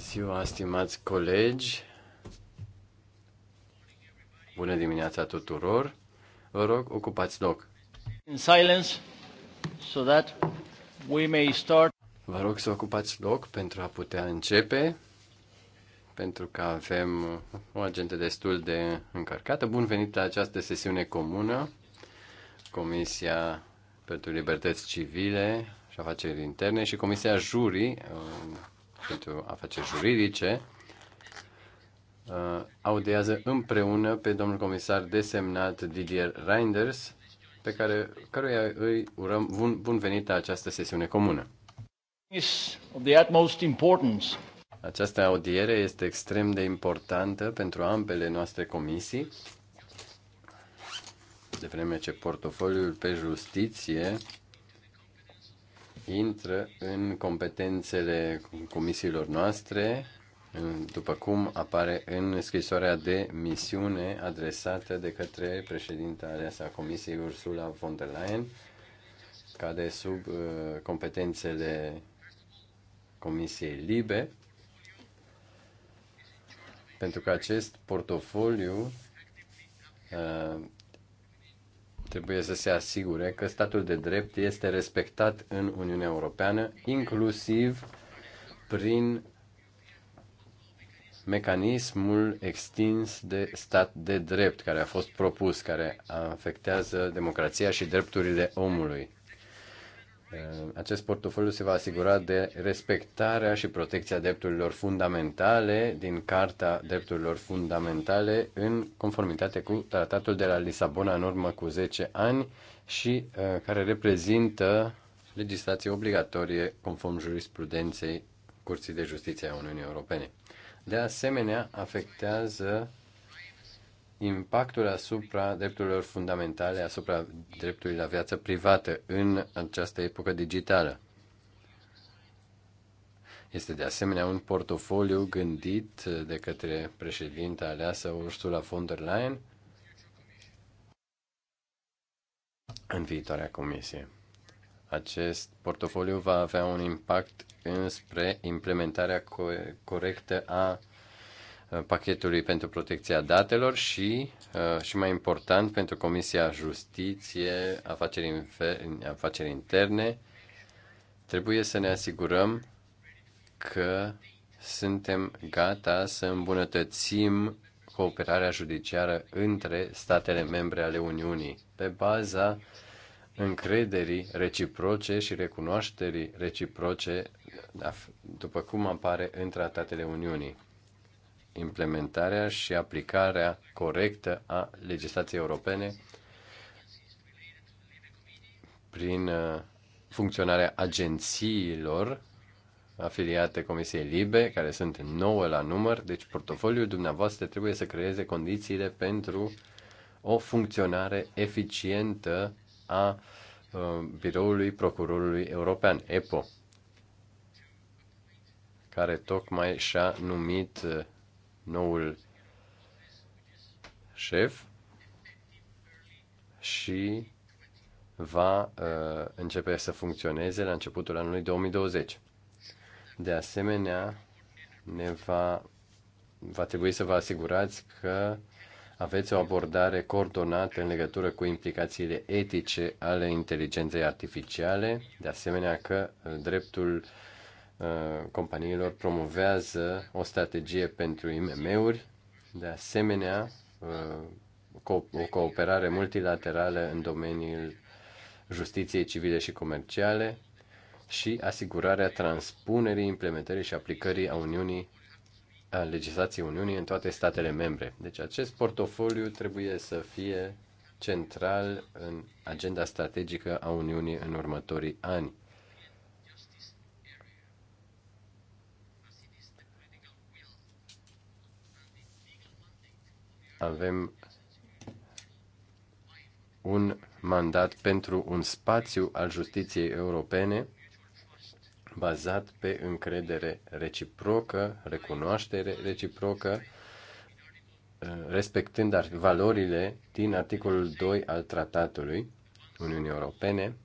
ziua, stimați colegi! Bună dimineața tuturor! Vă rog, ocupați loc. In silence, so that we may start. Vă rog să ocupați loc pentru a putea începe, pentru că avem o agentă destul de încărcată. Bun venit la această sesiune comună. Comisia pentru Libertăți Civile și Afaceri Interne și Comisia Jurii pentru afaceri juridice uh, audiază împreună pe domnul comisar desemnat Didier Reinders, pe care căruia îi urăm bun, bun venit la această sesiune comună. Această audiere este extrem de importantă pentru ambele noastre comisii, de vreme ce portofoliul pe justiție intră în competențele comisiilor noastre, după cum apare în scrisoarea de misiune adresată de către președinta aleasă a Comisiei Ursula von der Leyen, cade sub uh, competențele Comisiei Libe, pentru că acest portofoliu uh, trebuie să se asigure că statul de drept este respectat în Uniunea Europeană, inclusiv prin mecanismul extins de stat de drept care a fost propus, care afectează democrația și drepturile omului. Ehm, acest portofoliu se va asigura de respectarea și protecția drepturilor fundamentale din Carta Drepturilor Fundamentale în conformitate cu Tratatul de la Lisabona în urmă cu 10 ani și ehm, care reprezintă legislație obligatorie conform jurisprudenței Curții de Justiție a Uniunii Europene. De asemenea, afectează impactul asupra drepturilor fundamentale, asupra dreptului la viață privată în această epocă digitală. Este de asemenea un portofoliu gândit de către președinta aleasă Ursula von der Leyen în viitoarea comisie. Acest portofoliu va avea un impact înspre implementarea corectă a pachetului pentru protecția datelor și, uh, și mai important, pentru Comisia Justiție, Afaceri, Afaceri Interne, trebuie să ne asigurăm că suntem gata să îmbunătățim cooperarea judiciară între statele membre ale Uniunii pe baza încrederii reciproce și recunoașterii reciproce, după cum apare în tratatele Uniunii implementarea și aplicarea corectă a legislației europene prin uh, funcționarea agențiilor afiliate Comisiei Libe, care sunt nouă la număr, deci portofoliul dumneavoastră trebuie să creeze condițiile pentru o funcționare eficientă a uh, biroului procurorului european, EPO, care tocmai și-a numit uh, noul șef și va uh, începe să funcționeze la începutul anului 2020. De asemenea, ne va, va trebui să vă asigurați că aveți o abordare coordonată în legătură cu implicațiile etice ale inteligenței artificiale, de asemenea că uh, dreptul uh, Uh, companiilor promovează o strategie pentru IMM-uri, de asemenea uh, o cooperare multilaterală în domeniul justiției civile și comerciale și asigurarea transpunerii, implementării și aplicării a Uniunii a legislației Uniunii în toate statele membre. Deci acest portofoliu trebuie să fie central în agenda strategică a Uniunii în următorii ani. avem un mandat pentru un spațiu al justiției europene bazat pe încredere reciprocă, recunoaștere reciprocă, respectând valorile din articolul 2 al Tratatului Uniunii Europene,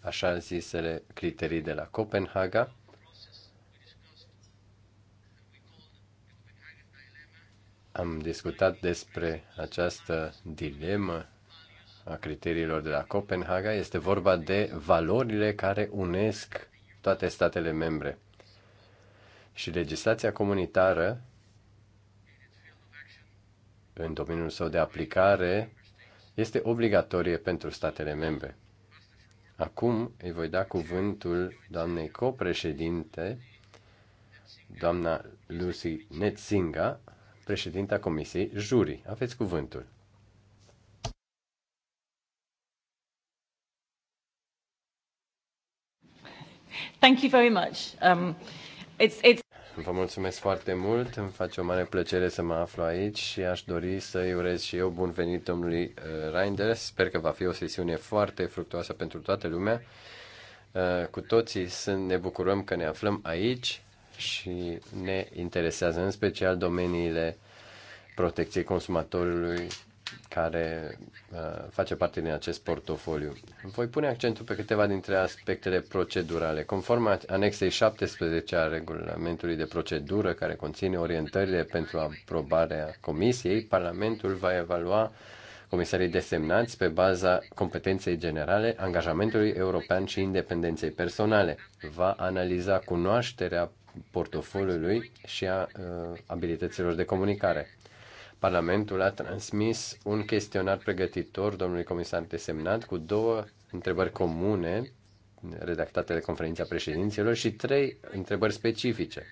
așa zisele criterii de la Copenhaga, Am discutat despre această dilemă a criteriilor de la Copenhaga. Este vorba de valorile care unesc toate statele membre. Și legislația comunitară în domeniul său de aplicare este obligatorie pentru statele membre. Acum îi voi da cuvântul doamnei copreședinte, doamna Lucy Netzinga, președinta Comisiei Juri. Aveți cuvântul. Thank you very much. Um, it's, it's... Vă mulțumesc foarte mult, îmi face o mare plăcere să mă aflu aici și aș dori să-i urez și eu bun venit domnului uh, Reinders. Sper că va fi o sesiune foarte fructuoasă pentru toată lumea. Uh, cu toții sunt, ne bucurăm că ne aflăm aici și ne interesează în special domeniile protecției consumatorului care uh, face parte din acest portofoliu. Voi pune accentul pe câteva dintre aspectele procedurale. Conform anexei 17 a regulamentului de procedură care conține orientările pentru aprobarea comisiei, Parlamentul va evalua comisarii desemnați pe baza competenței generale, angajamentului european și independenței personale. Va analiza cunoașterea portofoliului și a uh, abilităților de comunicare. Parlamentul a transmis un chestionar pregătitor domnului comisar desemnat cu două întrebări comune redactate de conferința președinților și trei întrebări specifice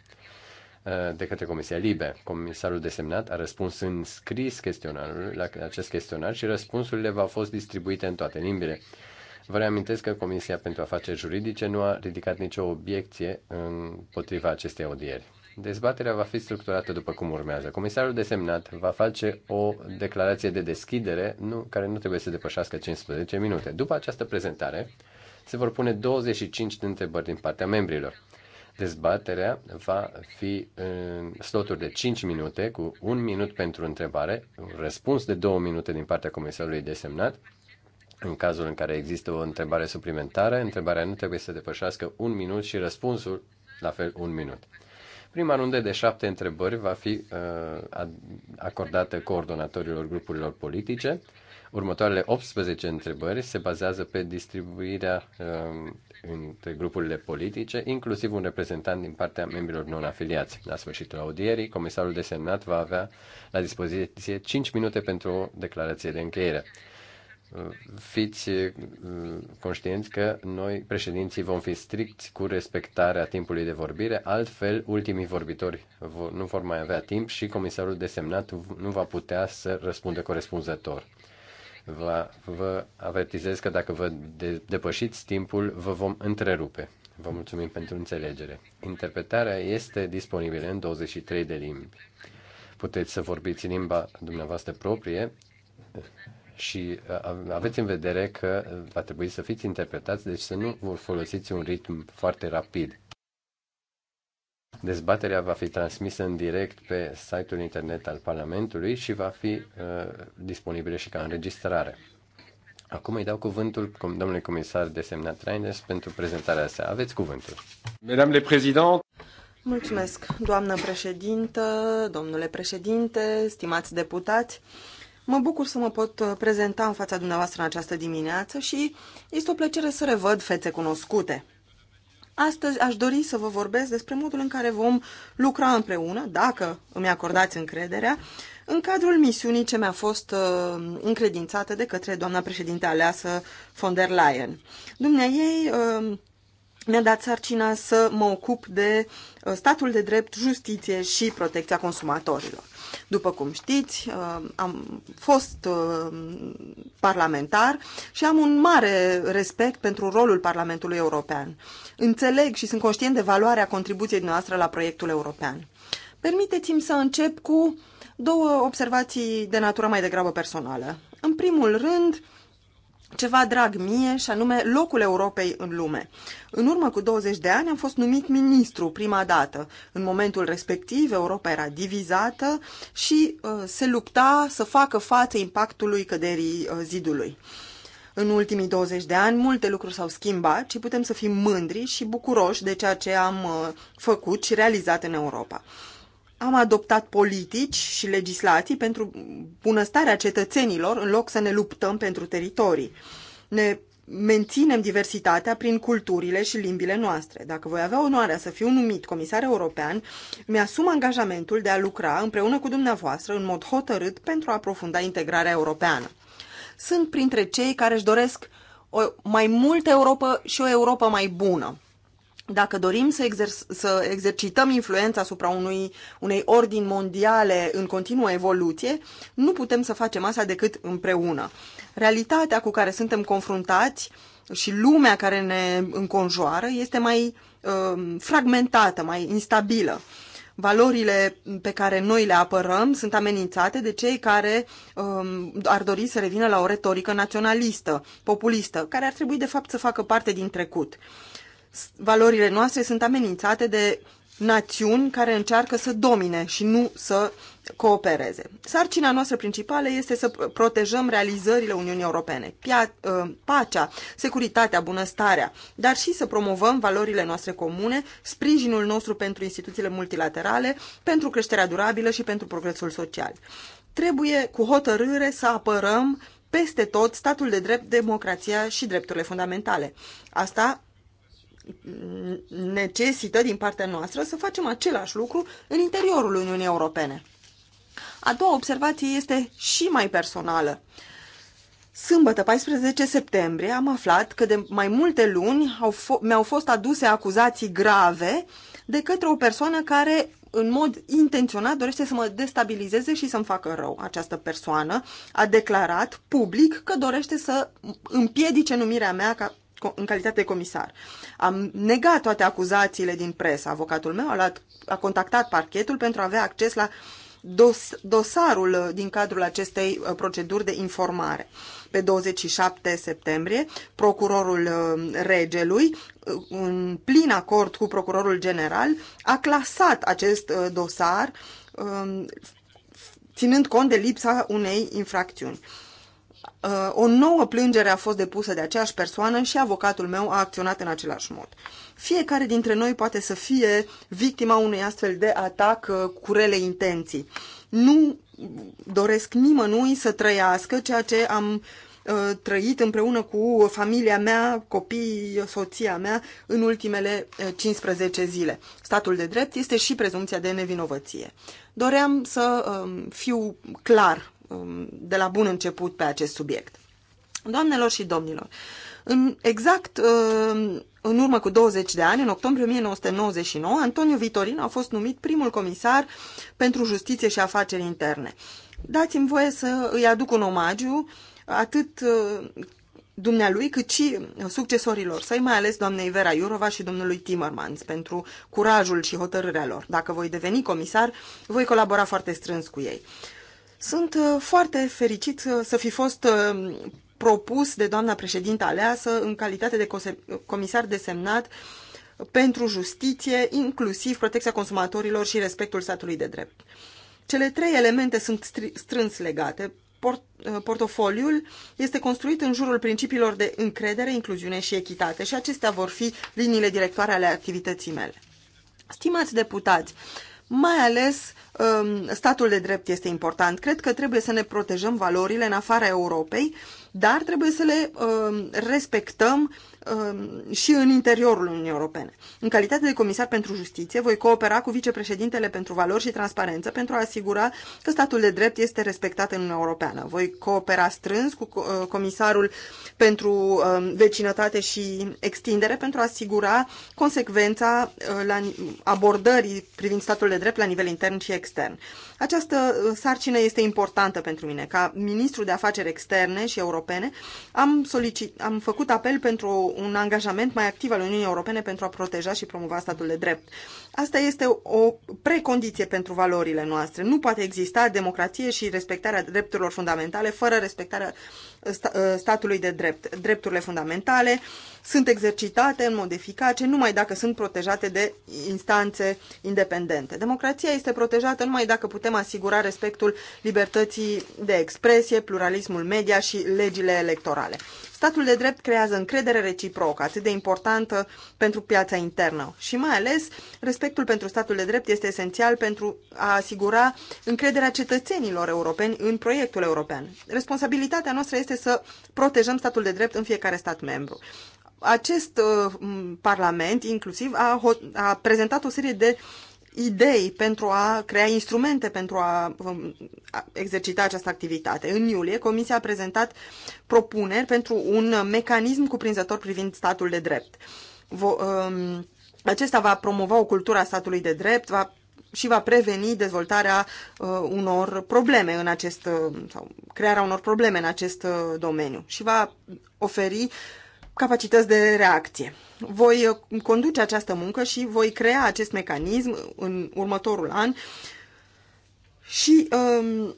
uh, de către Comisia Libe. Comisarul desemnat a răspuns în scris chestionarul la acest chestionar și răspunsurile v-au fost distribuite în toate limbile. Vă reamintesc că Comisia pentru Afaceri Juridice nu a ridicat nicio obiecție împotriva acestei audieri. Dezbaterea va fi structurată după cum urmează. Comisarul desemnat va face o declarație de deschidere nu, care nu trebuie să depășească 15 minute. După această prezentare, se vor pune 25 de întrebări din partea membrilor. Dezbaterea va fi în sloturi de 5 minute, cu un minut pentru întrebare, un răspuns de 2 minute din partea comisarului desemnat în cazul în care există o întrebare suplimentară, întrebarea nu trebuie să depășească un minut și răspunsul, la fel, un minut. Prima rundă de șapte întrebări va fi uh, acordată coordonatorilor grupurilor politice. Următoarele 18 întrebări se bazează pe distribuirea uh, între grupurile politice, inclusiv un reprezentant din partea membrilor non-afiliați. La sfârșitul audierii, comisarul desemnat va avea la dispoziție 5 minute pentru o declarație de încheiere fiți mm, conștienți că noi, președinții, vom fi stricți cu respectarea timpului de vorbire, altfel ultimii vorbitori nu vor mai avea timp și comisarul desemnat nu va putea să răspundă corespunzător. Vă, vă avertizez că dacă vă de, depășiți timpul, vă vom întrerupe. Vă mulțumim pentru înțelegere. Interpretarea este disponibilă în 23 de limbi. Puteți să vorbiți limba dumneavoastră proprie, și uh, aveți în vedere că uh, va trebui să fiți interpretați, deci să nu folosiți un ritm foarte rapid. Dezbaterea va fi transmisă în direct pe site-ul internet al Parlamentului și va fi uh, disponibilă și ca înregistrare. Acum îi dau cuvântul domnului comisar desemnat Reinders pentru prezentarea sa. Aveți cuvântul. Mesdames président. Mulțumesc, doamnă președintă, domnule președinte, stimați deputați. Uh, Mă bucur să mă pot uh, prezenta în fața dumneavoastră în această dimineață și este o plăcere să revăd fețe cunoscute. Astăzi aș dori să vă vorbesc despre modul în care vom lucra împreună, dacă îmi acordați încrederea, în cadrul misiunii ce mi-a fost uh, încredințată de către doamna președinte aleasă von der Leyen. Dumnea ei uh, mi-a dat sarcina să mă ocup de uh, statul de drept, justiție și protecția consumatorilor. După cum știți, uh, am fost uh, parlamentar și am un mare respect pentru rolul Parlamentului European. Înțeleg și sunt conștient de valoarea contribuției noastre la proiectul european. Permiteți-mi să încep cu două observații de natură mai degrabă personală. În primul rând, ceva drag mie, și anume locul Europei în lume. În urmă cu 20 de ani am fost numit ministru prima dată. În momentul respectiv, Europa era divizată și uh, se lupta să facă față impactului căderii uh, zidului. În ultimii 20 de ani, multe lucruri s-au schimbat și putem să fim mândri și bucuroși de ceea ce am uh, făcut și realizat în Europa am adoptat politici și legislații pentru bunăstarea cetățenilor în loc să ne luptăm pentru teritorii. Ne menținem diversitatea prin culturile și limbile noastre. Dacă voi avea onoarea să fiu numit comisar european, mi-asum angajamentul de a lucra împreună cu dumneavoastră în mod hotărât pentru a aprofunda integrarea europeană. Sunt printre cei care își doresc o mai multă Europa și o Europa mai bună. Dacă dorim să, exer- să exercităm influența asupra unui, unei ordini mondiale în continuă evoluție, nu putem să facem asta decât împreună. Realitatea cu care suntem confruntați și lumea care ne înconjoară este mai uh, fragmentată, mai instabilă. Valorile pe care noi le apărăm sunt amenințate de cei care um, ar dori să revină la o retorică naționalistă, populistă, care ar trebui de fapt să facă parte din trecut. Uh, valorile noastre sunt amenințate de națiuni care încearcă să domine și nu să coopereze. Sarcina noastră principală este să protejăm realizările Uniunii Europene, ă, pacea, securitatea, bunăstarea, dar și să promovăm valorile noastre comune, sprijinul nostru pentru instituțiile multilaterale, pentru creșterea durabilă și pentru progresul social. Trebuie cu hotărâre să apărăm peste tot statul de drept, democrația și drepturile fundamentale. Asta necesită din partea noastră să facem același lucru în interiorul Uniunii Europene. A doua observație este și mai personală. Sâmbătă, 14 septembrie, am aflat că de mai multe luni au mi-au fost aduse acuzații grave de către o persoană care în mod intenționat dorește să mă destabilizeze și să-mi facă rău. Această persoană a declarat public că dorește să împiedice numirea mea ca în calitate de comisar. Am negat toate acuzațiile din presă. Avocatul meu a, luat, a contactat parchetul pentru a avea acces la dos, dosarul uh, din cadrul acestei uh, proceduri de informare. Pe 27 septembrie, procurorul uh, regelui, în plin acord cu procurorul general, a clasat acest dosar um, ținând cont de lipsa unei infracțiuni. Uh, o nouă plângere a fost depusă de aceeași persoană și avocatul meu a acționat în același mod. Fiecare dintre noi poate să fie victima unui astfel de atac uh, cu rele intenții. Nu doresc nimănui să trăiască ceea ce am uh, trăit împreună cu familia mea, copiii, soția mea în ultimele 15 zile. Statul de drept este și prezumția de nevinovăție. Doream să um, fiu clar Um, de la bun început pe acest subiect. Doamnelor și domnilor, în, exact um, în urmă cu 20 de ani, în octombrie 1999, Antonio Vitorin a fost numit primul comisar pentru justiție și afaceri interne. Dați-mi voie să îi aduc un omagiu atât uh, dumnealui, cât și succesorilor săi, mai ales doamnei Vera Iurova și domnului Timmermans, pentru curajul și hotărârea lor. Dacă voi deveni comisar, voi colabora foarte strâns cu ei. Sunt uh, foarte fericit uh, să fi fost uh, propus de doamna președintă aleasă în calitate de comisar desemnat pentru justiție, inclusiv protecția consumatorilor și respectul statului de drept. Cele trei elemente sunt strâns legate. Port portofoliul este construit în jurul principiilor de încredere, incluziune și echitate și acestea vor fi liniile directoare ale activității mele. Stimați deputați, mai ales um, statul de drept este important. Cred că trebuie să ne protejăm valorile în afara Europei, dar trebuie să le um, respectăm Um, și în interiorul Uniunii Europene. În calitate de comisar pentru justiție, voi coopera cu vicepreședintele pentru valori și transparență pentru a asigura că statul de drept este respectat în Uniunea Europeană. Voi coopera strâns cu uh, comisarul pentru um, vecinătate și extindere pentru a asigura consecvența uh, la abordării privind statul de drept la nivel intern și extern. Această uh, sarcină este importantă pentru mine. Ca ministru de afaceri externe și europene, am, solicit, am făcut apel pentru un angajament mai activ al Uniunii Europene pentru a proteja și promova statul de drept. Asta este o precondiție pentru valorile noastre. Nu poate exista democrație și respectarea drepturilor fundamentale fără respectarea ă, statului de drept. Drepturile fundamentale sunt exercitate în mod eficace numai dacă sunt protejate de instanțe independente. Democrația este protejată numai dacă putem asigura respectul libertății de expresie, pluralismul media și legile electorale. Statul de drept creează încredere reciprocă, atât de importantă pentru piața internă. Și mai ales, respectul pentru statul de drept este esențial pentru a asigura încrederea cetățenilor europeni în proiectul european. Responsabilitatea noastră este să protejăm statul de drept în fiecare stat membru acest uh, parlament inclusiv a, a prezentat o serie de idei pentru a crea instrumente pentru um, a exercita această activitate. În iulie, Comisia a prezentat propuneri pentru un mecanism cuprinzător privind statul de drept. Um, acesta va promova o cultură a statului de drept, va și va preveni dezvoltarea uh, unor probleme în acest, uh, sau crearea unor probleme în acest uh, domeniu și va oferi uh, capacități de reacție. Voi uh, conduce această muncă și voi crea acest mecanism în următorul an și um,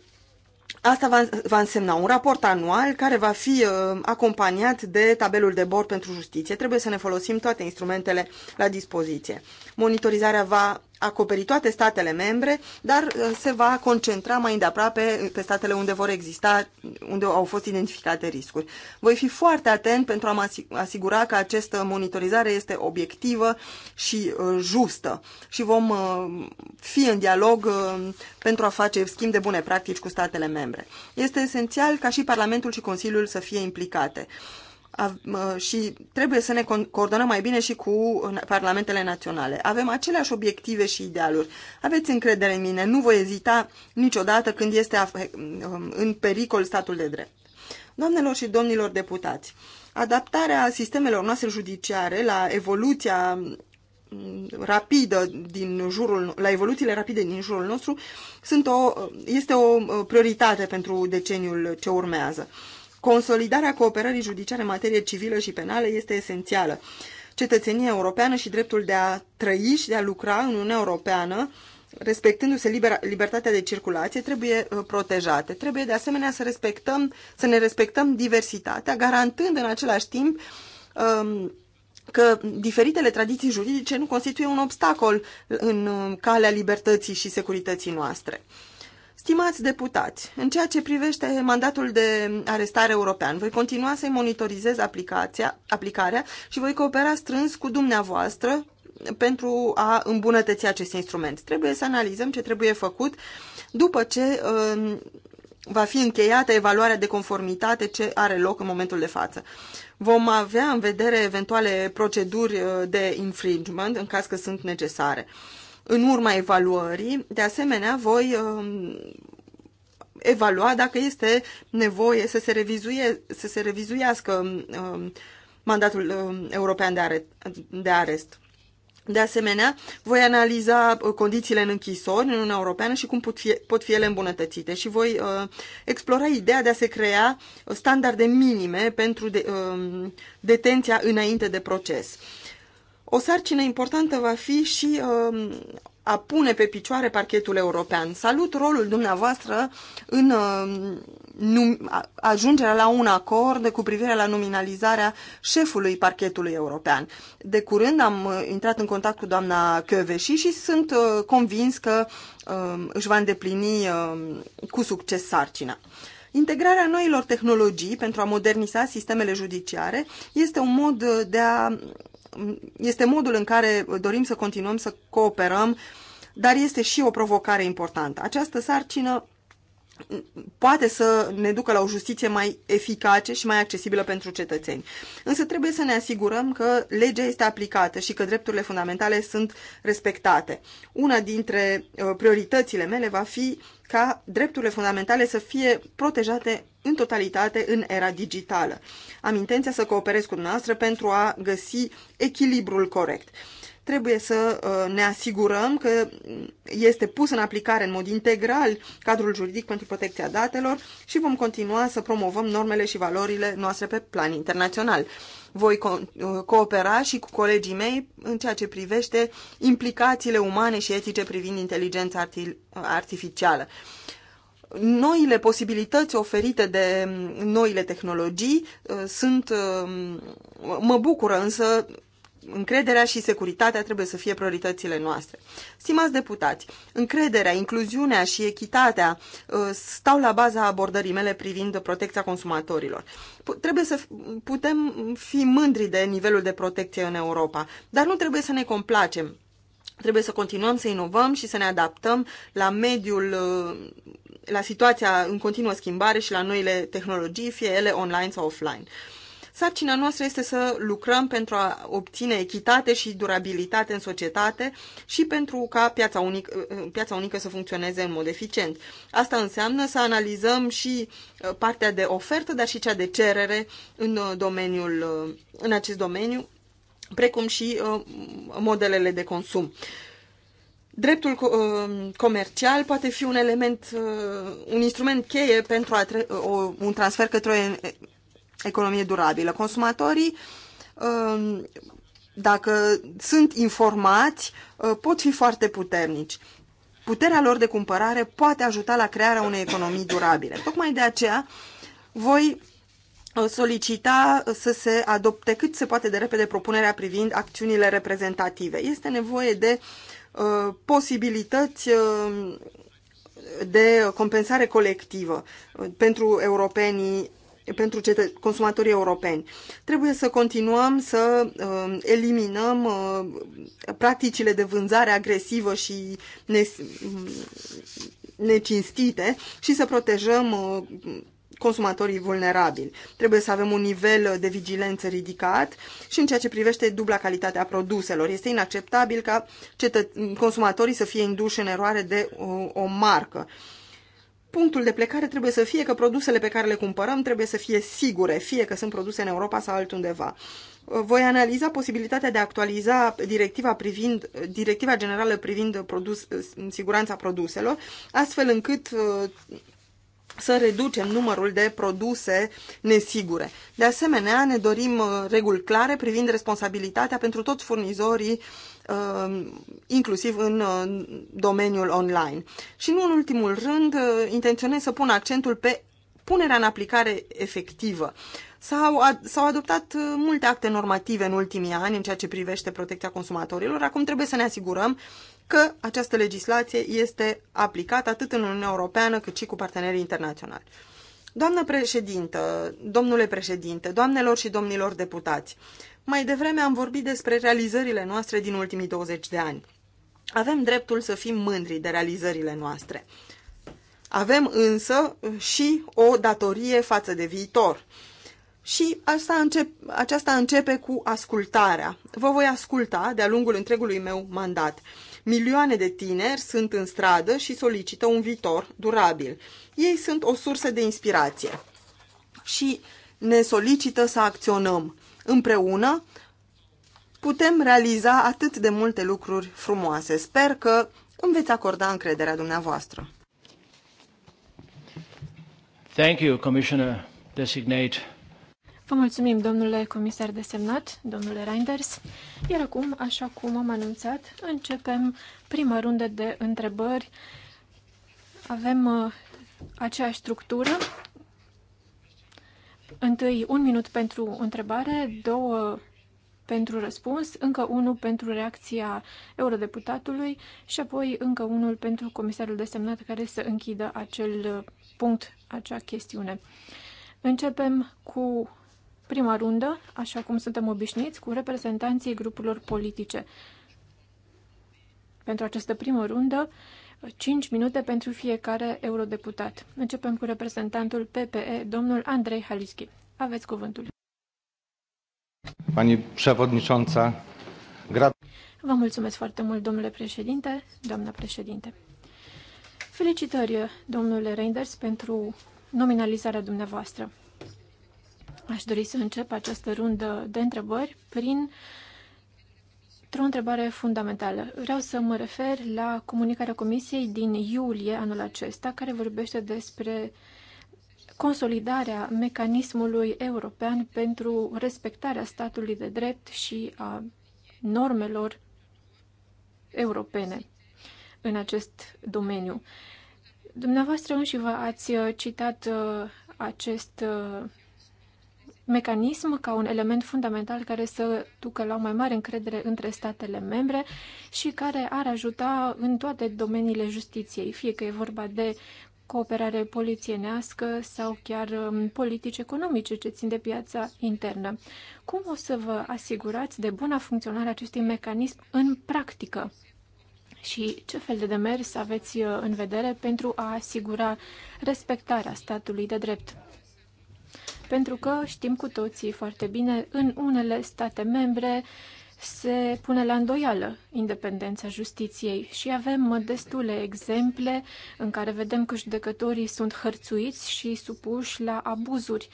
asta va, va însemna un raport anual care va fi um, acompaniat de tabelul de bord pentru justiție. Trebuie să ne folosim toate instrumentele la dispoziție. Monitorizarea va acoperi toate statele membre, dar uh, se va concentra mai îndeaproape pe statele unde vor exista, unde au fost identificate riscuri. Voi fi foarte atent pentru a mă asigura că această monitorizare este obiectivă și uh, justă și vom uh, fi în dialog pentru a face schimb de bune practici cu statele membre. Este esențial ca și Parlamentul și Consiliul să fie implicate și trebuie să ne coordonăm mai bine și cu parlamentele naționale. Avem aceleași obiective și idealuri. Aveți încredere în mine, nu voi ezita niciodată când este um, în pericol statul de drept. Doamnelor și domnilor deputați, adaptarea sistemelor noastre judiciare la evoluția mm, rapidă din jurul, la evoluțiile rapide din jurul nostru sunt o, este o uh, prioritate pentru deceniul ce urmează. Consolidarea cooperării judiciare în materie civilă și penală este esențială. Cetățenia europeană și dreptul de a trăi și de a lucra în Uniunea Europeană respectându-se libertatea de circulație, trebuie uh, protejate. Trebuie de asemenea să, respectăm, să ne respectăm diversitatea, garantând în același timp um, că diferitele tradiții juridice nu constituie un obstacol în uh, calea libertății și securității noastre. Stimați deputați, în ceea ce privește mandatul de arestare european, voi continua să-i monitorizez aplicația, aplicarea și voi coopera strâns cu dumneavoastră pentru a îmbunătăți acest instrument. Trebuie să analizăm ce trebuie făcut după ce uh, va fi încheiată evaluarea de conformitate ce are loc în momentul de față. Vom avea în vedere eventuale proceduri uh, de infringement în caz că sunt necesare. Uh, în urma evaluării. De asemenea, voi um, evalua dacă este nevoie să se, revizuie, să se revizuiască um, mandatul um, european de, arest. De asemenea, voi analiza uh, condițiile în închisori în Uniunea Europeană și cum pot fi, pot fi ele îmbunătățite și voi uh, explora ideea de a se crea standarde minime pentru de, uh, detenția înainte de proces. Uh, o sarcină importantă va fi și um, a pune pe picioare parchetul european. Salut rolul dumneavoastră în um, ajungerea la un acord cu privire la nominalizarea șefului parchetului european. De curând am uh, intrat în contact cu doamna Căveși și sunt uh, convins că um, își va îndeplini cu succes sarcina. Integrarea noilor tehnologii pentru a moderniza sistemele judiciare este un mod de a este modul în care dorim să continuăm să cooperăm, dar este și o provocare importantă. Această sarcină poate să ne ducă la o justiție mai eficace și mai accesibilă pentru cetățeni. Însă trebuie să ne asigurăm că legea este aplicată și că drepturile fundamentale sunt respectate. Una dintre uh, prioritățile mele va fi ca drepturile fundamentale să fie protejate în totalitate în era digitală. Am intenția să cooperez cu dumneavoastră pentru a găsi echilibrul corect. Trebuie să uh, ne asigurăm că este pus în aplicare în mod integral cadrul juridic pentru protecția datelor și vom continua să promovăm normele și valorile noastre pe plan internațional. Voi co- uh, coopera și cu colegii mei în ceea ce privește implicațiile umane și etice privind inteligența arti- uh, artificială noile posibilități oferite de noile tehnologii sunt, mă bucură, însă încrederea și securitatea trebuie să fie prioritățile noastre. Stimați deputați, încrederea, incluziunea și echitatea uh, stau la baza abordării mele privind protecția consumatorilor. Trebuie să putem fi mândri de nivelul de protecție în Europa, dar nu trebuie să ne complacem. Trebuie să continuăm să inovăm și să ne adaptăm la mediul, uh, la situația în continuă schimbare și la noile tehnologii, fie ele online sau offline. Sarcina noastră este să lucrăm pentru a obține echitate și durabilitate în societate și pentru ca piața, unică, uh, piața unică să funcționeze în mod eficient. Asta înseamnă să analizăm și uh, partea de ofertă, dar și cea de cerere în, uh, domeniul, în acest domeniu, precum și modelele de consum. Dreptul comercial poate fi un element, un instrument cheie pentru a tre- o, un transfer către o economie durabilă. Consumatorii, um, dacă sunt informați, uh, pot fi foarte puternici. Puterea lor de cumpărare poate ajuta la crearea unei economii durabile. Tocmai de aceea voi uh, solicita uh, să se adopte cât se poate de repede propunerea privind acțiunile reprezentative. Este nevoie de posibilități de compensare colectivă pentru europenii pentru consumatorii europeni. Trebuie să continuăm să uh, eliminăm uh, practicile de vânzare agresivă și ne, mm, necinstite și să protejăm uh, consumatorii vulnerabili. Trebuie să avem un nivel de vigilență ridicat și în ceea ce privește dubla calitate a produselor. Este inacceptabil ca consumatorii să fie induși în eroare de o, uh, o marcă. Uh, punctul de plecare trebuie să fie că produsele pe care le cumpărăm trebuie să fie sigure, fie că sunt produse în Europa sau altundeva. Voi analiza posibilitatea de a actualiza directiva, privind, directiva generală privind produs, siguranța produselor, astfel încât uh, să reducem numărul de produse nesigure. De asemenea, ne dorim uh, reguli clare privind responsabilitatea pentru toți furnizorii Um, inclusiv în uh, domeniul online. Și nu în ultimul rând, uh, intenționez să pun accentul pe punerea în aplicare efectivă. S-au, ad- s-au adoptat uh, multe acte normative în ultimii ani în ceea ce privește protecția consumatorilor. Acum trebuie să ne asigurăm că această legislație este aplicată atât în Uniunea Europeană cât și cu partenerii internaționali. Doamnă președintă, domnule președinte, doamnelor și domnilor deputați, mai devreme am vorbit despre realizările noastre din ultimii 20 de ani. Avem dreptul să fim mândri de realizările noastre. Avem însă și o datorie față de viitor. Și asta încep, aceasta începe cu ascultarea. Vă voi asculta de-a lungul întregului meu mandat. Milioane de tineri sunt în stradă și solicită un viitor durabil. Ei sunt o sursă de inspirație și ne solicită să acționăm împreună putem realiza atât de multe lucruri frumoase. Sper că îmi veți acorda încrederea dumneavoastră. Thank you, Commissioner Designate. Vă mulțumim, domnule comisar desemnat, domnule Reinders. Iar acum, așa cum am anunțat, începem prima rundă de întrebări. Avem uh, aceeași structură, Întâi, un minut pentru întrebare, două pentru răspuns, încă unul pentru reacția eurodeputatului și apoi încă unul pentru comisarul desemnat care să închidă acel punct, acea chestiune. Începem cu prima rundă, așa cum suntem obișnuiți, cu reprezentanții grupurilor politice. Pentru această primă rundă, 5 minute pentru fiecare eurodeputat. Începem cu reprezentantul PPE, domnul Andrei Haliski. Aveți cuvântul. Pani Przewodnicząca, grat... Vă mulțumesc foarte mult, domnule președinte, doamna președinte. Felicitări, domnule Reinders, pentru nominalizarea dumneavoastră. Aș dori să încep această rundă de întrebări prin uh, o întrebare fundamentală. Vreau să mă refer la comunicarea Comisiei din iulie anul acesta, care vorbește despre consolidarea mecanismului european pentru respectarea statului de drept și a normelor europene în acest domeniu. Dumneavoastră înși vă ați citat uh, acest uh, mecanism ca un element fundamental care să ducă la o mai mare încredere între statele membre și care ar ajuta în toate domeniile justiției, fie că e vorba de cooperare polițienească sau chiar um, politici economice ce țin de piața internă. Cum o să vă asigurați de buna funcționare a acestui mecanism în practică? Și ce fel de demers aveți uh, în vedere pentru a asigura respectarea statului de drept? Pentru că știm cu toții foarte bine, în unele state membre se pune la îndoială independența justiției și avem destule exemple în care vedem că judecătorii sunt hărțuiți și supuși la abuzuri.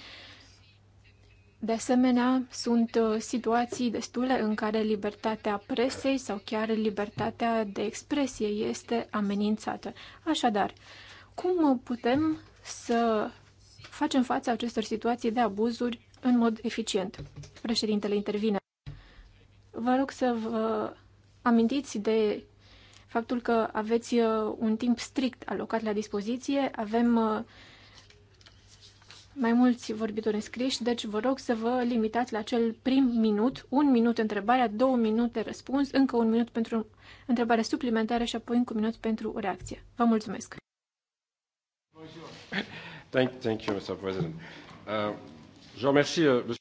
De asemenea, sunt uh, situații destule în care libertatea presei sau chiar libertatea de expresie este amenințată. Așadar, cum putem să facem față acestor situații de abuzuri în mod eficient. Președintele intervine. Vă rog să vă amintiți de faptul că aveți uh, un timp strict alocat la dispoziție. Avem uh, mai mulți vorbitori înscriși, deci vă rog să vă limitați la cel prim minut, un minut întrebarea, două minute răspuns, încă un minut pentru întrebare suplimentară și apoi încă un minut pentru reacție. Vă mulțumesc! Bonjour. Thank, you, Mr. President. Uh, je remercie, uh,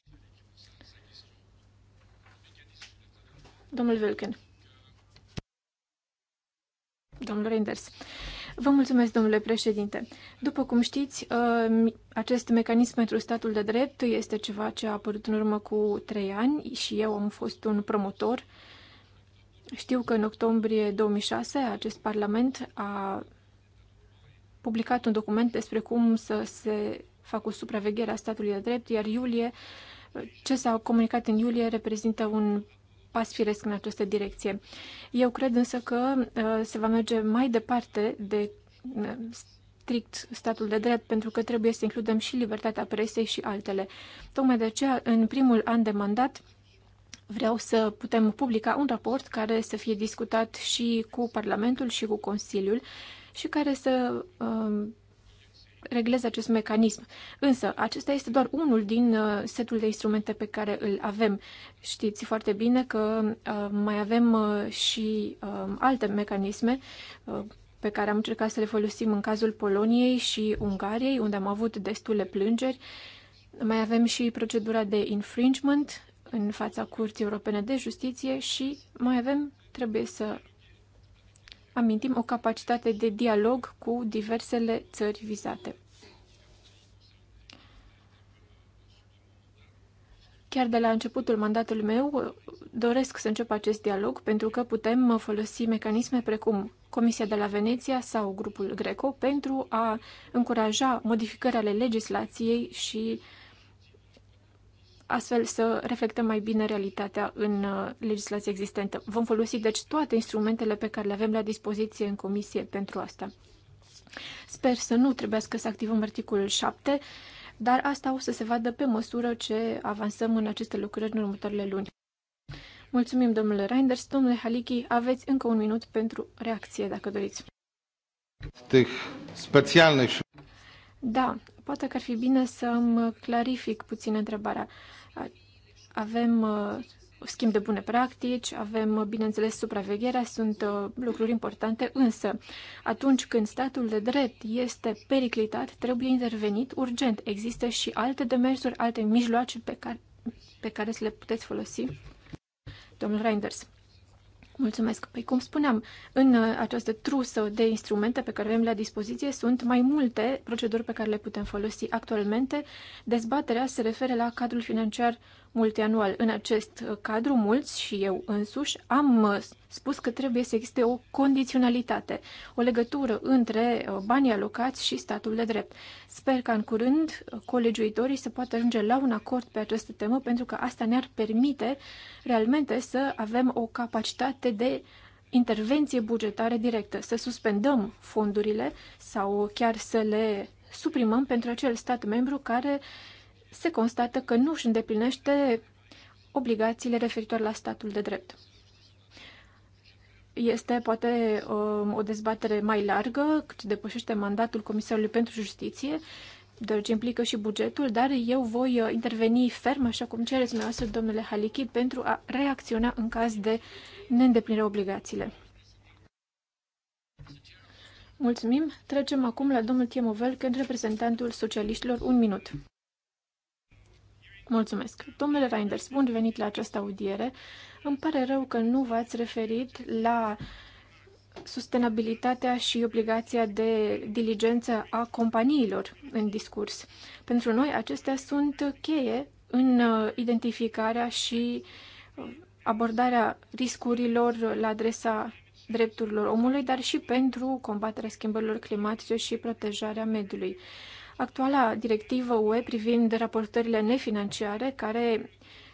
Domnul Vilken. Domnul Reinders. Vă mulțumesc, domnule președinte. După cum știți, uh, acest mecanism pentru statul de drept este ceva ce a apărut în urmă cu trei ani și eu am fost un promotor. Știu că în octombrie 2006 acest parlament a publicat un document despre cum să se facă o supraveghere a statului de drept, iar iulie, ce s-a comunicat în iulie reprezintă un pas firesc în această direcție. Eu cred însă că uh, se va merge mai departe de uh, strict statul de drept, pentru că trebuie să includem și libertatea presei și altele. Tocmai de aceea, în primul an de mandat, vreau să putem publica un raport care să fie discutat și cu Parlamentul și cu Consiliul și care să uh, regleze acest mecanism. Însă, acesta este doar unul din uh, setul de instrumente pe care îl avem. Știți foarte bine că uh, mai avem uh, și uh, alte mecanisme uh, pe care am încercat să le folosim în cazul Poloniei și Ungariei, unde am avut destule plângeri. Mai avem și procedura de infringement în fața Curții Europene de Justiție și mai avem, trebuie să amintim, o capacitate de dialog cu diversele țări vizate. Chiar de la începutul mandatului meu doresc să încep acest dialog pentru că putem folosi mecanisme precum Comisia de la Veneția sau grupul Greco pentru a încuraja modificări ale legislației și uh, astfel să reflectăm mai bine realitatea în uh, legislația existentă. Vom folosi deci toate instrumentele pe care le avem la dispoziție în comisie pentru asta. Sper să nu trebuiască să activăm articolul 7, dar asta o să se vadă pe măsură ce avansăm în aceste lucrări în următoarele luni. Mulțumim, domnule Reinders. Domnule Haliki, aveți încă un minut pentru reacție, dacă doriți. Tych specjalnych da, poate că ar fi bine să îmi clarific puțin întrebarea. Avem uh, schimb de bune practici, avem, uh, bineînțeles, supravegherea, sunt uh, lucruri importante, însă atunci când statul de drept este periclitat, trebuie intervenit urgent. Există și alte demersuri, alte mijloace pe care, pe care să le puteți folosi? Domnul Reinders. Mulțumesc. Păi cum spuneam, în uh, această trusă de instrumente pe care avem la dispoziție sunt mai multe proceduri pe care le putem folosi actualmente. Dezbaterea se referă la cadrul financiar multianual. În acest cadru, mulți și eu însuși am uh, spus că trebuie să existe o condiționalitate, o legătură între uh, banii alocați și statul de drept. Sper că în curând uh, colegiuitorii să poată ajunge la un acord pe această temă, pentru că asta ne-ar permite realmente să avem o capacitate de intervenție bugetară directă, să suspendăm fondurile sau chiar să le suprimăm pentru acel stat membru care se constată că nu își îndeplinește obligațiile referitoare la statul de drept. Este poate um, o dezbatere mai largă, cât depășește mandatul Comisarului pentru Justiție, deoarece implică și bugetul, dar eu voi uh, interveni ferm, așa cum cereți dumneavoastră, domnule Halichi, pentru a reacționa în caz de neîndeplinire obligațiile. Mulțumim. Trecem acum la domnul Tiemovel, când reprezentantul socialiștilor, un minut. Mulțumesc. Domnule Reinders, bun venit la această audiere. Îmi pare rău că nu v-ați referit la sustenabilitatea și obligația de diligență a companiilor în discurs. Pentru noi acestea sunt cheie în uh, identificarea și uh, abordarea riscurilor la adresa drepturilor omului, dar și pentru combaterea schimbărilor climatice și protejarea mediului actuala directivă UE privind raportările nefinanciare, care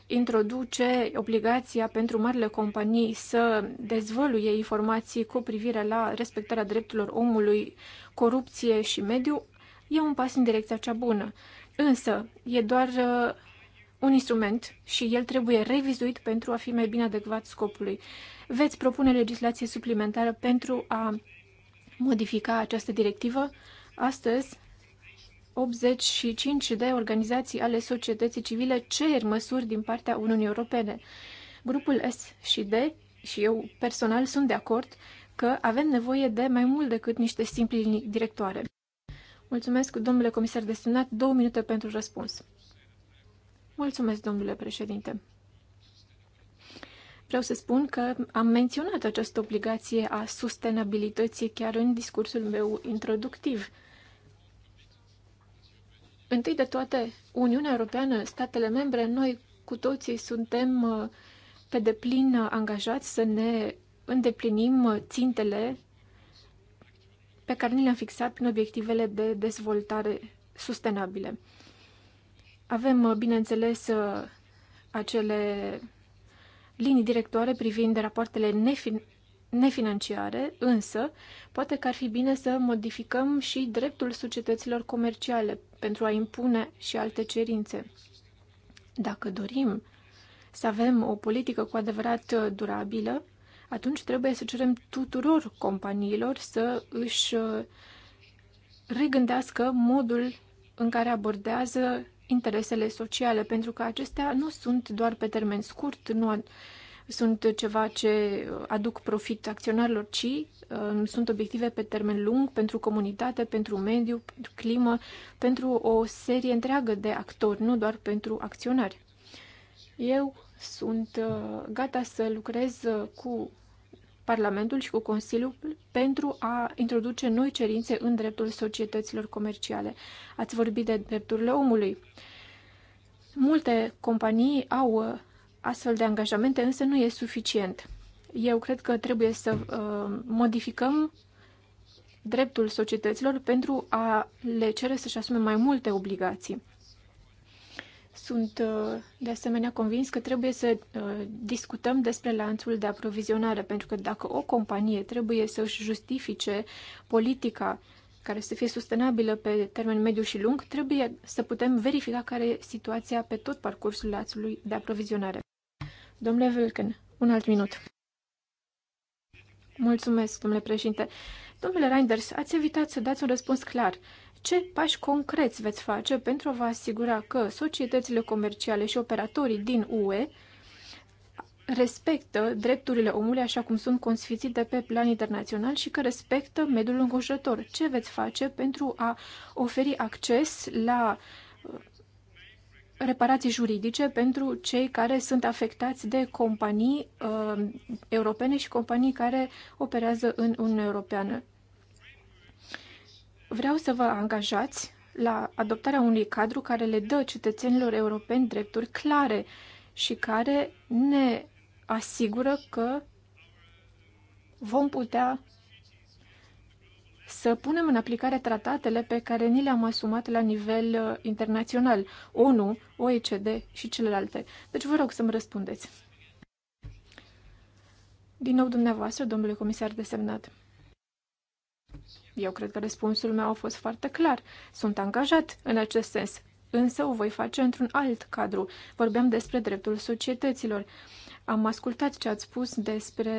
introduce obligația pentru marile companii să dezvăluie informații cu privire la respectarea drepturilor omului, corupție și mediu, e un pas în direcția cea bună. Însă, e doar uh, un instrument și el trebuie revizuit pentru a fi mai bine adecvat scopului. Veți propune legislație suplimentară pentru a modifica această directivă? Astăzi, 85 de organizații ale societății civile cer măsuri din partea Uniunii Europene. Grupul S și D și eu personal sunt de acord că avem nevoie de mai mult decât niște simpli directoare. Mulțumesc, domnule comisar destinat două minute pentru răspuns. Mulțumesc, domnule președinte. Vreau să spun că am menționat această obligație a sustenabilității chiar în discursul meu introductiv. Întâi de toate, Uniunea Europeană, statele membre, noi cu toții suntem uh, pe deplin uh, angajați să ne îndeplinim uh, țintele pe care ni le-am fixat prin obiectivele de dezvoltare sustenabile. Avem, bineînțeles, acele linii directoare privind rapoartele nefin- nefinanciare, însă poate că ar fi bine să modificăm și dreptul societăților comerciale pentru a impune și alte cerințe. Dacă dorim să avem o politică cu adevărat uh, durabilă, atunci trebuie să cerem tuturor companiilor să își uh, regândească modul în care abordează interesele sociale, pentru că acestea nu sunt doar pe termen scurt, nu sunt ceva ce aduc profit acționarilor, ci uh, sunt obiective pe termen lung pentru comunitate, pentru mediu, pentru climă, pentru o serie întreagă de actori, nu doar pentru acționari. Eu sunt uh, gata să lucrez uh, cu Parlamentul și cu Consiliul pentru a introduce noi cerințe în dreptul societăților comerciale. Ați vorbit de drepturile omului. Multe companii au astfel de angajamente, însă nu e suficient. Eu cred că trebuie să uh, modificăm dreptul societăților pentru a le cere să-și asume mai multe obligații. Sunt uh, de asemenea convins că trebuie să uh, discutăm despre lanțul de aprovizionare, pentru că dacă o companie trebuie să își justifice politica care să fie sustenabilă pe termen mediu și lung, trebuie să putem verifica care e situația pe tot parcursul lanțului de aprovizionare. Domnule Vâlcân, un alt minut. Mulțumesc, domnule președinte. Domnule Reinders, ați evitat să dați un răspuns clar. Ce pași concreți veți face pentru a vă asigura că societățile comerciale și operatorii din UE respectă drepturile omului așa cum sunt consfițite pe plan internațional și că respectă mediul înconjurător? Ce veți face pentru a oferi acces la reparații juridice pentru cei care sunt afectați de companii uh, europene și companii care operează în Uniunea Europeană. Vreau să vă angajați la adoptarea unui cadru care le dă cetățenilor europeni drepturi clare și care ne asigură că vom putea să punem în aplicare tratatele pe care ni le-am asumat la nivel uh, internațional, ONU, OECD și celelalte. Deci vă rog să-mi răspundeți. Din nou dumneavoastră, domnule comisar desemnat. Eu cred că răspunsul meu a fost foarte clar. Sunt angajat în acest sens, însă o voi face într-un alt cadru. Vorbeam despre dreptul societăților. Am ascultat ce ați spus despre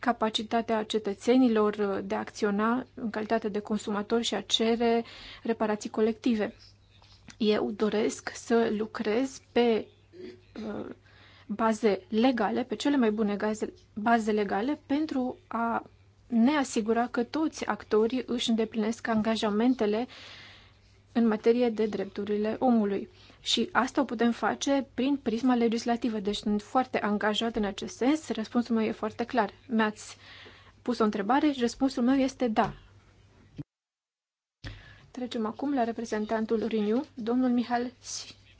capacitatea cetățenilor uh, de a acționa în calitate de consumator și a cere reparații colective. Eu doresc să lucrez pe uh, baze legale, pe cele mai bune baze legale, pentru a ne asigura că toți actorii își îndeplinesc angajamentele în materie de drepturile omului. Și asta o putem face prin prisma legislativă, deci sunt foarte angajat în acest sens. Răspunsul meu e foarte clar. Mi-ați pus o întrebare și răspunsul meu este da. Trecem acum la reprezentantul Renew, domnul Mihal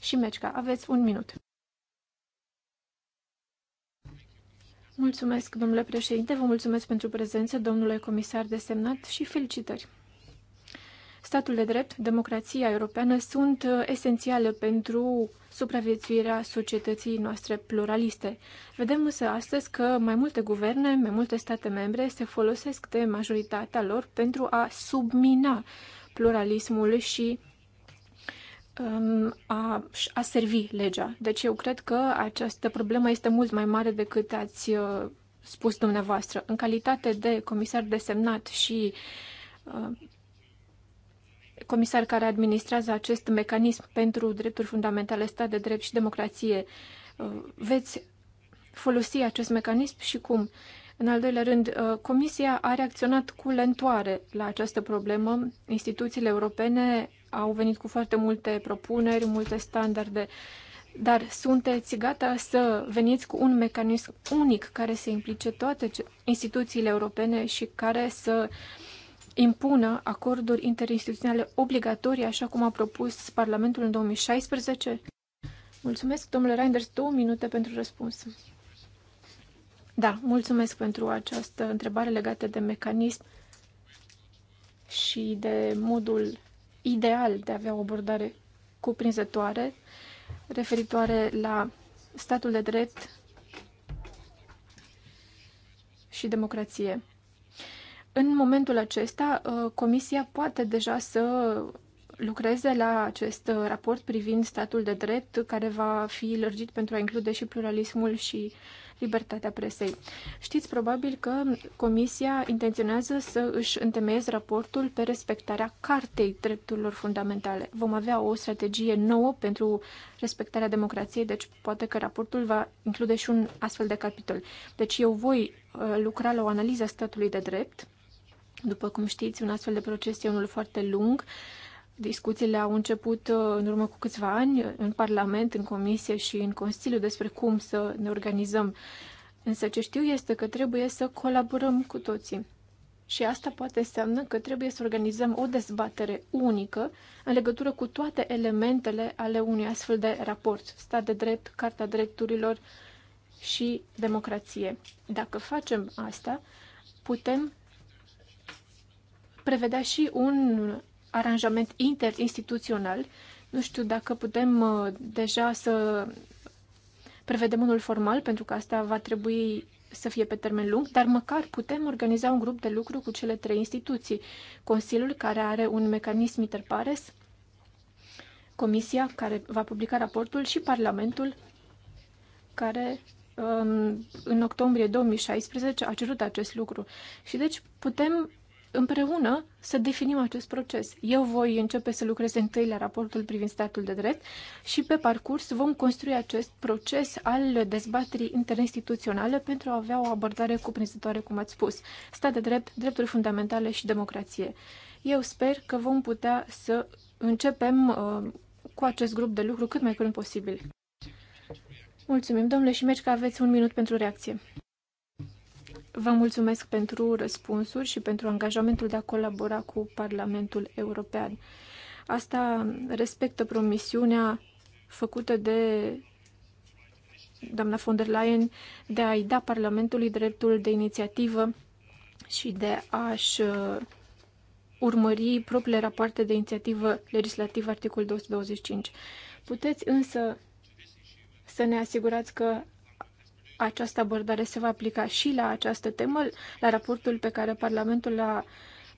Șimecica. Aveți un minut. Mulțumesc, domnule președinte, vă mulțumesc pentru prezență, domnule comisar desemnat și felicitări statul de drept, democrația europeană sunt uh, esențiale pentru supraviețuirea societății noastre pluraliste. Vedem însă astăzi că mai multe guverne, mai multe state membre se folosesc de majoritatea lor pentru a submina pluralismul și um, a, a servi legea. Deci eu cred că această problemă este mult mai mare decât ați uh, spus dumneavoastră. În calitate de comisar desemnat și uh, comisar care administrează acest mecanism pentru drepturi fundamentale, stat de drept și democrație, uh, veți folosi acest mecanism și cum? În al doilea rând, uh, Comisia a reacționat cu lentoare la această problemă. Instituțiile europene au venit cu foarte multe propuneri, multe standarde, dar sunteți gata să veniți cu un mecanism unic care să implice toate instituțiile europene și care să uh, impună acorduri interinstituționale obligatorii, așa cum a propus Parlamentul în 2016? Mulțumesc, domnule Reinders, două minute pentru răspuns. Da, mulțumesc pentru această întrebare legată de mecanism și de modul ideal de a avea o abordare cuprinzătoare referitoare la statul de drept și democrație. În momentul acesta, uh, Comisia poate deja să lucreze la acest uh, raport privind statul de drept, care va fi lărgit pentru a include și pluralismul și libertatea presei. Știți probabil că Comisia intenționează să își întemeieze raportul pe respectarea Cartei Drepturilor Fundamentale. Vom avea o strategie nouă pentru respectarea democrației, deci poate că raportul va include și un astfel de capitol. Deci eu voi uh, lucra la o analiză statului de drept după cum știți, un astfel de proces este unul foarte lung. Discuțiile au început uh, în urmă cu câțiva ani în Parlament, în Comisie și în Consiliu despre cum să ne organizăm. Însă ce știu este că trebuie să colaborăm cu toții. Și asta poate înseamnă că trebuie să organizăm o dezbatere unică în legătură cu toate elementele ale unui astfel de raport, stat de drept, Carta Drepturilor și democrație. Dacă facem asta, putem prevedea și un aranjament interinstituțional. Nu știu dacă putem uh, deja să prevedem unul formal, pentru că asta va trebui să fie pe termen lung, dar măcar putem organiza un grup de lucru cu cele trei instituții. Consiliul, care are un mecanism interpares, Comisia, care va publica raportul, și Parlamentul, care um, în octombrie 2016 a cerut acest lucru. Și deci putem împreună să definim acest proces. Eu voi începe să lucrez întâi la raportul privind statul de drept și pe parcurs vom construi acest proces al dezbaterii interinstituționale pentru a avea o abordare cuprinzătoare, cum ați spus, stat de drept, drepturi fundamentale și democrație. Eu sper că vom putea să începem uh, cu acest grup de lucru cât mai curând posibil. Mulțumim, domnule Șimeci, că aveți un minut pentru reacție. Vă mulțumesc pentru răspunsuri și pentru angajamentul de a colabora cu Parlamentul European. Asta respectă promisiunea făcută de doamna von der Leyen de a-i da Parlamentului dreptul de inițiativă și de a-și uh, urmări propriile rapoarte de inițiativă legislativă articol 225. Puteți însă să ne asigurați că această abordare se va aplica și la această temă, la raportul pe care Parlamentul l-a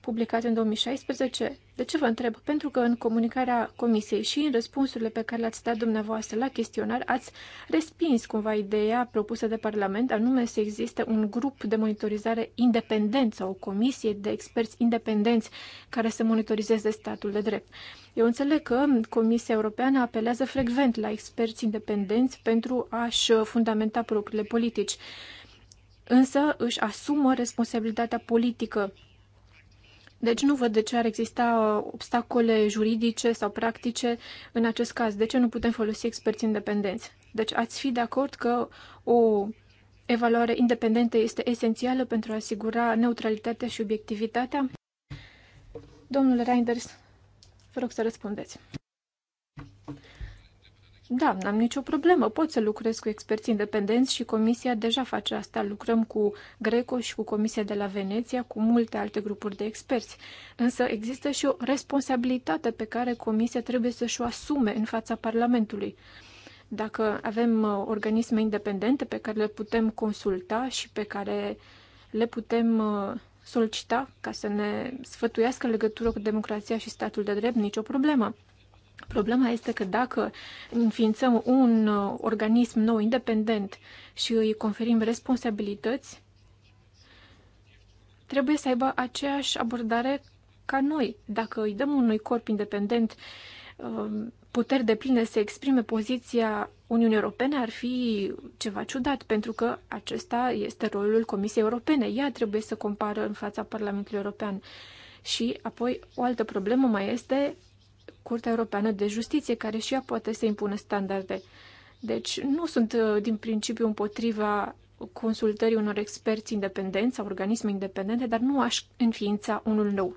publicat în 2016? De ce vă întreb? Pentru că în comunicarea Comisiei și în răspunsurile pe care le-ați dat dumneavoastră la chestionar, ați respins cumva ideea propusă de Parlament, anume să existe un grup de monitorizare independent sau o comisie de experți independenți care să monitorizeze statul de drept. Eu înțeleg că Comisia Europeană apelează frecvent la experți independenți pentru a-și fundamenta propriile politici, însă își asumă responsabilitatea politică deci nu văd de ce ar exista uh, obstacole juridice sau practice în acest caz. De ce nu putem folosi experți independenți? Deci ați fi de acord că o evaluare independentă este esențială pentru a asigura neutralitatea și obiectivitatea? Domnule Reinders, vă rog să răspundeți. Da, n-am nicio problemă, pot să lucrez cu experți independenți și comisia deja face asta. Lucrăm cu Greco și cu comisia de la Veneția, cu multe alte grupuri de experți. Însă există și o responsabilitate pe care comisia trebuie să-și o asume în fața Parlamentului. Dacă avem uh, organisme independente pe care le putem consulta și pe care le putem uh, solicita ca să ne sfătuiască legătură cu democrația și statul de drept, nicio problemă. Problema este că dacă înființăm un uh, organism nou, independent și îi conferim responsabilități, trebuie să aibă aceeași abordare ca noi. Dacă îi dăm unui corp independent uh, puteri de pline să exprime poziția Uniunii Europene, ar fi ceva ciudat, pentru că acesta este rolul Comisiei Europene. Ea trebuie să compară în fața Parlamentului European. Și apoi o altă problemă mai este Curtea Europeană de Justiție, care și ea poate să impună standarde. Deci nu sunt uh, din principiu împotriva consultării unor experți independenți sau organisme independente, dar nu aș înființa unul nou.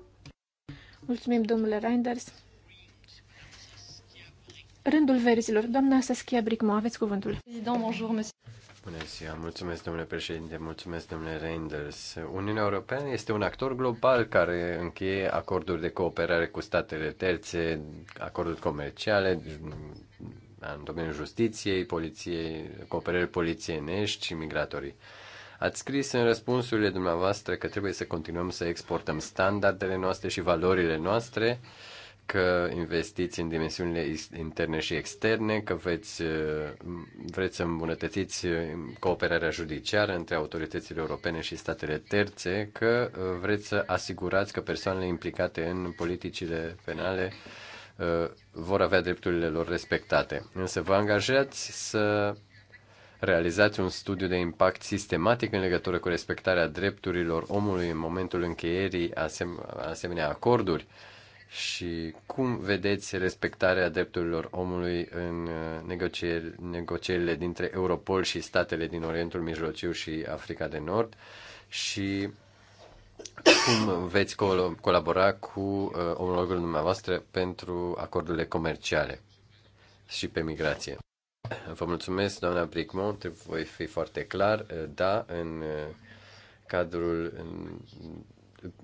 Mulțumim, domnule Reinders. Rândul verzilor. Doamna Saskia Bricmo, aveți cuvântul. Bună ziua, mulțumesc domnule președinte, mulțumesc domnule Reinders. Uniunea Europeană este un actor global care încheie acorduri de cooperare cu statele terțe, acorduri comerciale, în domeniul justiției, poliției, cooperării polițienești și migratorii. Ați scris în răspunsurile dumneavoastră că trebuie să continuăm să exportăm standardele noastre și valorile noastre că investiți în dimensiunile interne și externe, că veți, uh, vreți să îmbunătățiți uh, cooperarea judiciară între autoritățile europene și statele terțe, că uh, vreți să asigurați că persoanele implicate în politicile penale vor avea drepturile lor respectate. Însă vă angajați să realizați un studiu de impact sistematic în legătură cu respectarea drepturilor omului în momentul încheierii asem- asemenea acorduri și cum vedeți respectarea drepturilor omului în uh, negocieri, negocierile dintre Europol și statele din Orientul Mijlociu și Africa de Nord și cum veți colabora cu uh, omologul dumneavoastră pentru acordurile comerciale și pe migrație. Vă mulțumesc, doamna Bricmont, voi fi foarte clar, da, în uh, cadrul în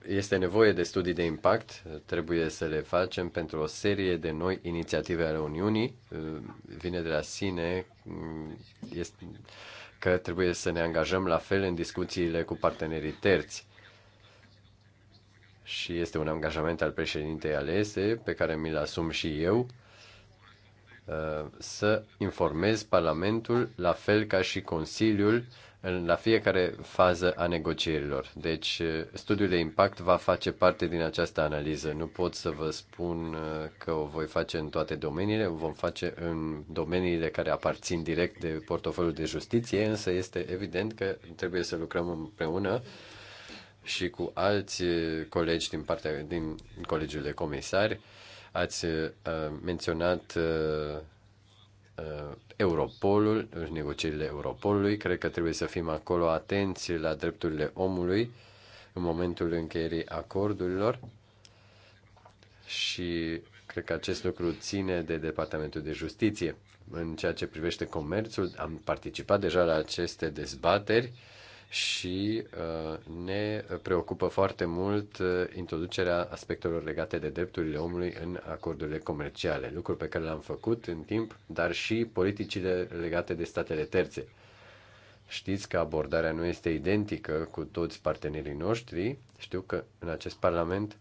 este nevoie de studii de impact, trebuie să le facem pentru o serie de noi inițiative ale Uniunii. Uh, vine de la sine mm, este că trebuie să ne angajăm la fel în discuțiile cu partenerii terți. Și este un angajament al președintei alese pe care mi-l asum și eu Uh, să informez Parlamentul, la fel ca și Consiliul, la fiecare fază a negocierilor. Deci, uh, studiul de impact va face parte din această analiză. Nu pot să vă spun uh, că o voi face în toate domeniile, o vom face în domeniile care aparțin direct de portofoliul de justiție, însă este evident că trebuie să lucrăm împreună și cu alți colegi din partea din Colegiul de Comisari Ați uh, menționat uh, uh, Europolul, negocierile Europolului. Cred că trebuie să fim acolo atenți la drepturile omului în momentul încheierii acordurilor și cred că acest lucru ține de Departamentul de Justiție. În ceea ce privește comerțul, am participat deja la aceste dezbateri și uh, ne preocupă foarte mult uh, introducerea aspectelor legate de drepturile omului în acordurile comerciale, lucruri pe care le am făcut în timp, dar și politicile legate de statele terțe. Știți că abordarea nu este identică cu toți partenerii noștri. Știu că în acest Parlament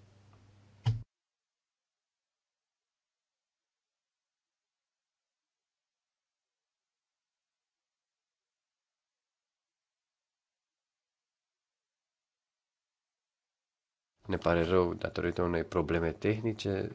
Ne pare rău, datorită unei probleme tehnice,